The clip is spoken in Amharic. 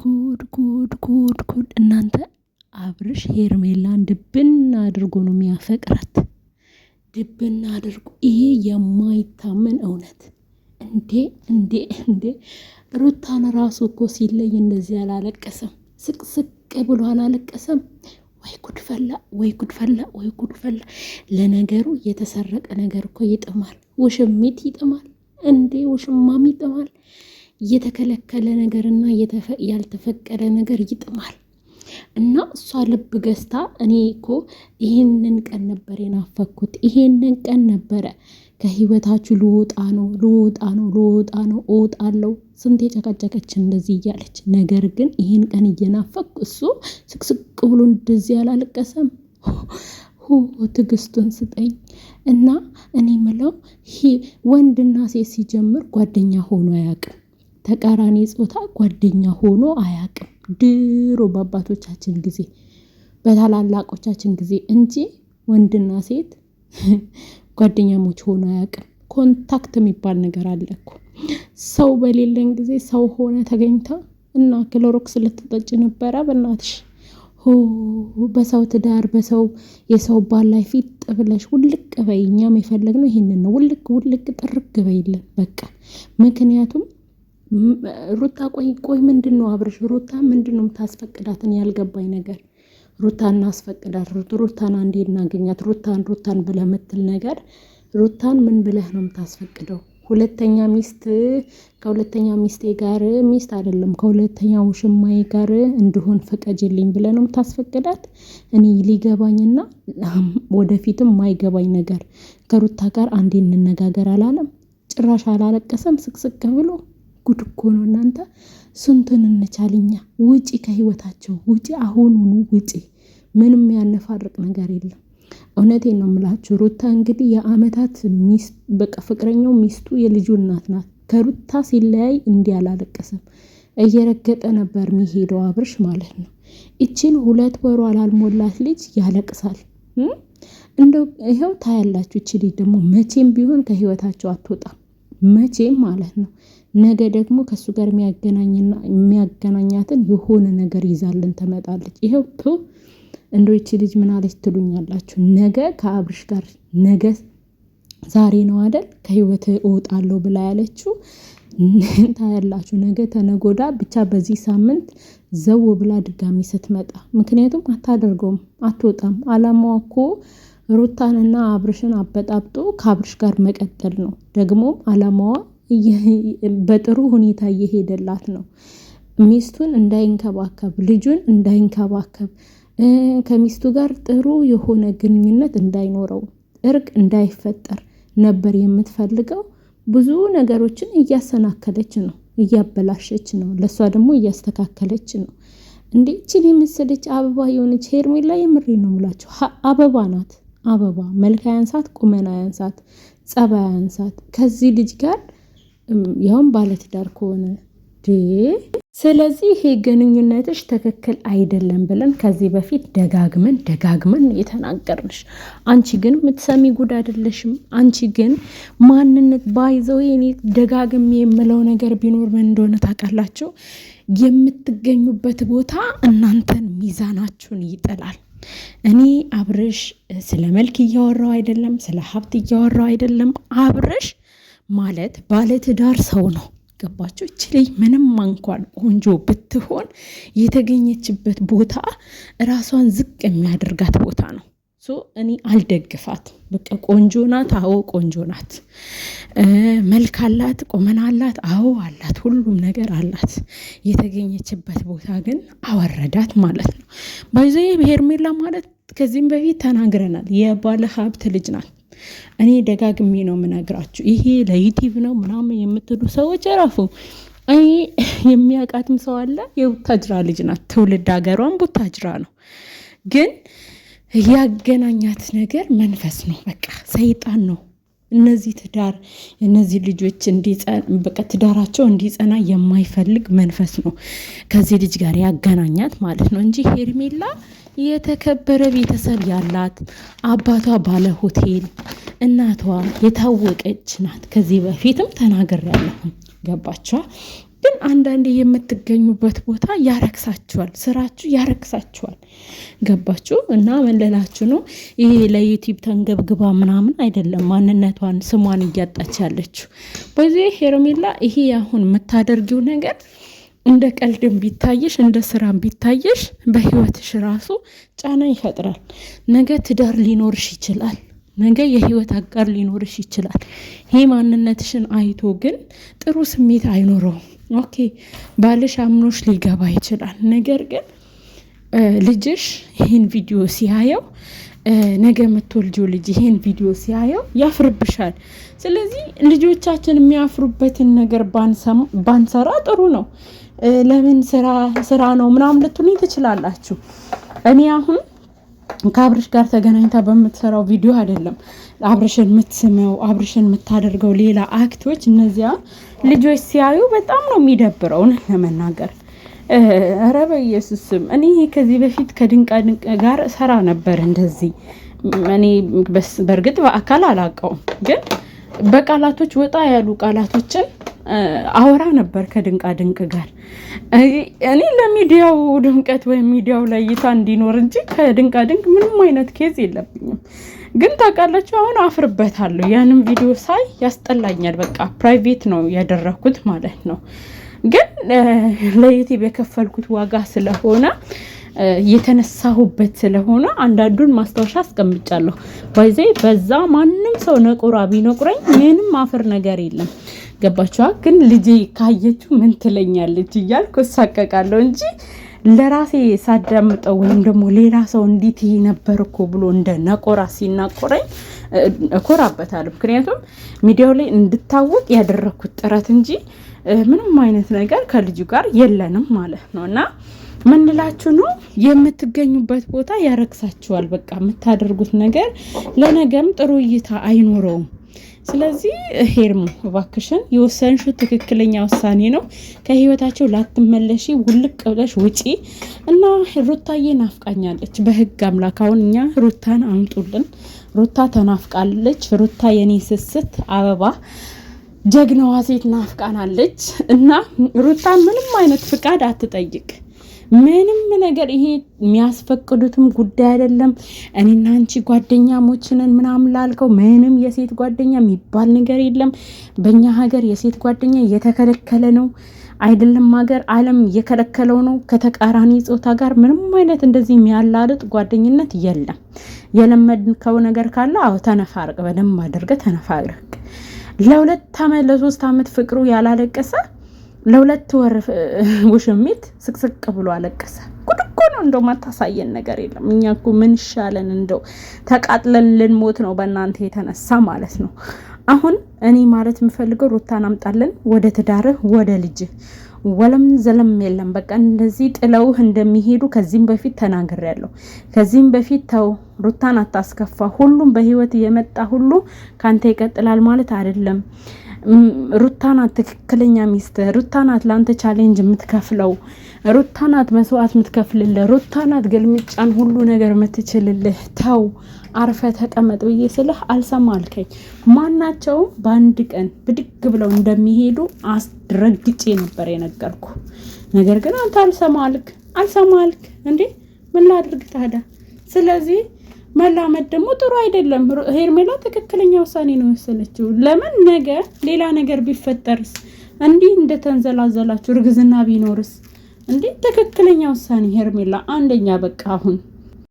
ጉድ ጉድ ጉድ ጉድ እናንተ አብርሽ ሄርሜላን ድብን አድርጎ ነው የሚያፈቅራት። ድብን አድርጎ ይሄ የማይታመን እውነት እንዴ እንዴ እንዴ! ሩታን ራሱ እኮ ሲለይ እንደዚህ አላለቀሰም። ስቅስቅ ብሎ አላለቀሰም። ወይ ፈላ ወይ ፈላ! ወይ ፈላ! ለነገሩ የተሰረቀ ነገር እኮ ይጥማል። ውሽሚት ይጥማል እንዴ! ውሽማም ይጥማል። የተከለከለ ነገርና ያልተፈቀደ ነገር ይጥማል። እና እሷ ልብ ገዝታ እኔ እኮ ይሄንን ቀን ነበር የናፈኩት፣ ይሄንን ቀን ነበረ ከህይወታችሁ ልወጣ ነው ልወጣ ነው ልወጣ ነው እወጣለሁ። ስንት የጨቀጨቀች እንደዚህ እያለች ነገር ግን ይሄን ቀን እየናፈኩ እሱ ስቅስቅ ብሎ እንደዚህ አላለቀሰም ሁ ትዕግስቱን ስጠኝ እና እኔ ምለው ወንድና ሴት ሲጀምር ጓደኛ ሆኖ አያውቅም። ተቃራኒ ጾታ ጓደኛ ሆኖ አያውቅም። ድሮ በአባቶቻችን ጊዜ በታላላቆቻችን ጊዜ እንጂ ወንድና ሴት ጓደኛሞች ሆኖ አያውቅም። ኮንታክት የሚባል ነገር አለ እኮ ሰው በሌለን ጊዜ ሰው ሆነ ተገኝታ እና ክሎሮክስ ልትጠጭ ነበረ በእናትሽ በሰው ትዳር በሰው የሰው ባል ላይ ፊት ብለሽ ውልቅ በይ። እኛም የፈለግነው ይህንን ነው። ውልቅ ውልቅ ጥርግ በይልን በቃ ምክንያቱም ሩታ ቆይ ቆይ ምንድን ነው አብርሽ፣ ሩታ ምንድን ነው የምታስፈቅዳትን? ያልገባኝ ነገር ሩታ እናስፈቅዳት፣ ሩታን አንዴ እናገኛት፣ ሩታን ሩታን ብለህ የምትል ነገር ሩታን ምን ብለህ ነው የምታስፈቅደው? ሁለተኛ ሚስት ከሁለተኛ ሚስቴ ጋር ሚስት አይደለም ከሁለተኛ ውሽማዬ ጋር እንድሆን ፍቀጅልኝ ብለህ ነው የምታስፈቅዳት? እኔ ሊገባኝና ወደፊትም ማይገባኝ ነገር ከሩታ ጋር አንዴ እንነጋገር አላለም? ጭራሽ አላለቀሰም ስቅስቅ ብሎ ጉድ እኮ ነው እናንተ። ስንትን እንቻልኛ። ውጪ፣ ከህይወታቸው ውጪ፣ አሁኑኑ ውጪ። ምንም ያነፋርቅ ነገር የለም። እውነቴን ነው የምላችሁ። ሩታ እንግዲህ የአመታት በቃ ፍቅረኛው ሚስቱ የልጁ እናት ናት። ከሩታ ሲለያይ እንዲህ አላለቀሰም። እየረገጠ ነበር የሚሄደው አብርሽ ማለት ነው። ይችን ሁለት ወሯ ላልሞላት ልጅ ያለቅሳል። እንደው ይኸው ታያላችሁ። ይች ልጅ ደግሞ መቼም ቢሆን ከህይወታቸው አትወጣም። መቼም ማለት ነው ነገ ደግሞ ከእሱ ጋር የሚያገናኛትን የሆነ ነገር ይዛልን ትመጣለች። ይኸው ቶ እንደው ይቺ ልጅ ምን አለች ትሉኛላችሁ? ነገ ከአብርሽ ጋር ነገ ዛሬ ነው አይደል ከህይወት እወጣለሁ ብላ ያለችው ታያላችሁ። ነገ ተነጎዳ ብቻ በዚህ ሳምንት ዘው ብላ ድጋሚ ስትመጣ፣ ምክንያቱም አታደርገውም፣ አትወጣም። አላማዋ እኮ ሩታንና አብርሽን አበጣብጦ ከአብርሽ ጋር መቀጠል ነው። ደግሞም አላማዋ በጥሩ ሁኔታ እየሄደላት ነው። ሚስቱን እንዳይንከባከብ ልጁን እንዳይንከባከብ ከሚስቱ ጋር ጥሩ የሆነ ግንኙነት እንዳይኖረው እርቅ እንዳይፈጠር ነበር የምትፈልገው። ብዙ ነገሮችን እያሰናከለች ነው፣ እያበላሸች ነው። ለእሷ ደግሞ እያስተካከለች ነው። እንዴ ችን የመሰለች አበባ የሆነች ሄርሜላ የምሬ ነው የምላቸው አበባ ናት። አበባ መልክ አያንሳት፣ ቁመና አያንሳት፣ ጸባይ አያንሳት። ከዚህ ልጅ ጋር ያውም ባለትዳር ከሆነ ስለዚህ ይሄ ግንኙነትሽ ትክክል አይደለም ብለን ከዚህ በፊት ደጋግመን ደጋግመን የተናገርንሽ፣ አንቺ ግን የምትሰሚ ጉድ አይደለሽም። አንቺ ግን ማንነት ባይዘው ደጋግም የምለው ነገር ቢኖር ምን እንደሆነ ታውቃላችሁ? የምትገኙበት ቦታ እናንተን ሚዛናችሁን ይጥላል። እኔ አብርሽ ስለ መልክ እያወራው አይደለም፣ ስለ ሀብት እያወራው አይደለም አብርሽ ማለት ባለትዳር ሰው ነው። ገባቸው እች ልጅ ምንም እንኳን ቆንጆ ብትሆን የተገኘችበት ቦታ ራሷን ዝቅ የሚያደርጋት ቦታ ነው። ሶ እኔ አልደግፋት። በቃ ቆንጆ ናት፣ አዎ ቆንጆ ናት። መልክ አላት፣ ቆመና አላት፣ አዎ አላት፣ ሁሉም ነገር አላት። የተገኘችበት ቦታ ግን አወረዳት ማለት ነው። ባይዘ ሄርሜላ ማለት ከዚህም በፊት ተናግረናል፣ የባለ ሀብት ልጅ ናት። እኔ ደጋግሜ ነው የምነግራችሁ። ይሄ ለዩቲቭ ነው ምናምን የምትሉ ሰዎች እረፉ። እኔ የሚያውቃትም ሰው አለ። የቡታጅራ ልጅ ናት። ትውልድ ሀገሯን ቡታጅራ ነው ግን ያገናኛት ነገር መንፈስ ነው። በቃ ሰይጣን ነው። እነዚህ ትዳር እነዚህ ልጆች በቃ ትዳራቸው እንዲጸና የማይፈልግ መንፈስ ነው ከዚህ ልጅ ጋር ያገናኛት ማለት ነው እንጂ ሄርሜላ የተከበረ ቤተሰብ ያላት አባቷ ባለ ሆቴል እናቷ የታወቀች ናት። ከዚህ በፊትም ተናግሬያለሁ። ገባችኋ? ግን አንዳንዴ የምትገኙበት ቦታ ያረክሳችኋል፣ ስራችሁ ያረክሳችኋል። ገባችሁ? እና መለላችሁ ነው። ይሄ ለዩቲዩብ ተንገብግባ ምናምን አይደለም፣ ማንነቷን ስሟን እያጣች ያለችው በዚህ ሄርሜላ። ይሄ አሁን የምታደርጊው ነገር እንደ ቀልድም ቢታየሽ እንደ ስራም ቢታየሽ በህይወትሽ ራሱ ጫና ይፈጥራል። ነገ ትዳር ሊኖርሽ ይችላል። ነገ የህይወት አጋር ሊኖርሽ ይችላል። ይህ ማንነትሽን አይቶ ግን ጥሩ ስሜት አይኖረውም። ኦኬ ባልሽ አምኖሽ ሊገባ ይችላል። ነገር ግን ልጅሽ ይህን ቪዲዮ ሲያየው ነገ የምትወልጂው ልጅ ይሄን ቪዲዮ ሲያየው ያፍርብሻል። ስለዚህ ልጆቻችን የሚያፍሩበትን ነገር ባንሰራ ጥሩ ነው። ለምን ስራ ስራ ነው ምናምን ልትሉኝ ትችላላችሁ። እኔ አሁን ከአብርሽ ጋር ተገናኝታ በምትሰራው ቪዲዮ አይደለም አብርሽን የምትስመው አብርሽን የምታደርገው ሌላ አክቶች፣ እነዚያ ልጆች ሲያዩ በጣም ነው የሚደብረው ለመናገር ኧረ በኢየሱስ ስም እኔ ከዚህ በፊት ከድንቃ ድንቅ ጋር ሰራ ነበር እንደዚህ። እኔ በእርግጥ በአካል አላውቀውም፣ ግን በቃላቶች ወጣ ያሉ ቃላቶችን አወራ ነበር ከድንቃ ድንቅ ጋር። እኔ ለሚዲያው ድምቀት ወይም ሚዲያው ላይ እይታ እንዲኖር እንጂ ከድንቃ ድንቅ ምንም አይነት ኬዝ የለብኝም። ግን ታውቃላችሁ አሁን አፍርበታለሁ። ያንም ቪዲዮ ሳይ ያስጠላኛል። በቃ ፕራይቬት ነው ያደረግኩት ማለት ነው። ግን ለዩቲብ የከፈልኩት ዋጋ ስለሆነ የተነሳሁበት ስለሆነ አንዳንዱን ማስታወሻ አስቀምጫለሁ። ባይዘይ በዛ ማንም ሰው ነቁራ ቢነቁረኝ ምንም አፍር ነገር የለም። ገባችኋ? ግን ልጄ ካየችው ምን ትለኛለች እያልኩ እሳቀቃለሁ እንጂ ለራሴ ሳዳምጠው ወይም ደግሞ ሌላ ሰው እንዲት ነበር እኮ ብሎ እንደ ነቆራ ሲናቆረኝ እኮራበታል። ምክንያቱም ሚዲያው ላይ እንድታወቅ ያደረግኩት ጥረት እንጂ ምንም አይነት ነገር ከልጁ ጋር የለንም ማለት ነው እና ምንላችሁ ነው የምትገኙበት ቦታ ያረክሳችኋል። በቃ የምታደርጉት ነገር ለነገም ጥሩ እይታ አይኖረውም። ስለዚህ ሄርሙ እባክሽን የወሰንሹ ትክክለኛ ውሳኔ ነው። ከህይወታቸው ላትመለሺ ውልቅ ብለሽ ውጪ እና ሩታዬ ናፍቃኛለች። በህግ አምላክ አሁን እኛ ሩታን አምጡልን። ሩታ ተናፍቃለች። ሩታ የኔ ስስት አበባ ጀግናዋ ሴት ናፍቃናለች እና ሩታ ምንም አይነት ፍቃድ አትጠይቅ። ምንም ነገር ይሄ የሚያስፈቅዱትም ጉዳይ አይደለም። እኔና አንቺ ጓደኛሞች ነን ምናምን ላልከው ምንም የሴት ጓደኛ የሚባል ነገር የለም። በእኛ ሀገር የሴት ጓደኛ የተከለከለ ነው። አይደለም ሀገር ዓለም እየከለከለው ነው። ከተቃራኒ ጾታ ጋር ምንም አይነት እንደዚህ የሚያላልጥ ጓደኝነት የለም። የለመድከው ነገር ካለ አዎ ተነፋርቅ፣ በደንብ አድርገ ተነፋርቅ። ለሁለት ዓመት ለሶስት ዓመት ፍቅሩ ያላለቀሰ ለሁለት ወር ውሽሚት ስቅስቅ ብሎ አለቀሰ። ጉድ እኮ ነው። እንደው ማታሳየን ነገር የለም። እኛ እኮ ምን ይሻለን? እንደው ተቃጥለን ልንሞት ነው በእናንተ የተነሳ ማለት ነው። አሁን እኔ ማለት የምፈልገው ሩታን አምጣለን ወደ ትዳርህ ወደ ልጅህ ወለም ዘለም የለም። በቃ እንደዚህ ጥለውህ እንደሚሄዱ ከዚህም በፊት ተናግሬያለሁ። ከዚህም በፊት ተው ሩታን አታስከፋ። ሁሉም በህይወት የመጣ ሁሉ ካንተ ይቀጥላል ማለት አይደለም። ሩታናት ትክክለኛ ሚስት ሩታናት ለአንተ ቻሌንጅ የምትከፍለው፣ ሩታናት መስዋዕት የምትከፍልልህ፣ ሩታናት ገልምጫን ሁሉ ነገር የምትችልልህ። ተው አርፈ ተቀመጥ ብዬ ስልህ አልሰማልከኝ። ማናቸውም በአንድ ቀን ብድግ ብለው እንደሚሄዱ አስረግጬ ነበር የነገርኩ። ነገር ግን አንተ አልሰማ አልክ። እንዴ ምን ላድርግ ታዲያ? ስለዚህ መላመድ ደግሞ ጥሩ አይደለም። ሄርሜላ ትክክለኛ ውሳኔ ነው የወሰነችው። ለምን ነገ ሌላ ነገር ቢፈጠርስ? እንዲህ እንደተንዘላዘላችሁ እርግዝና ቢኖርስ? እንዴ ትክክለኛ ውሳኔ ሄርሜላ አንደኛ። በቃ አሁን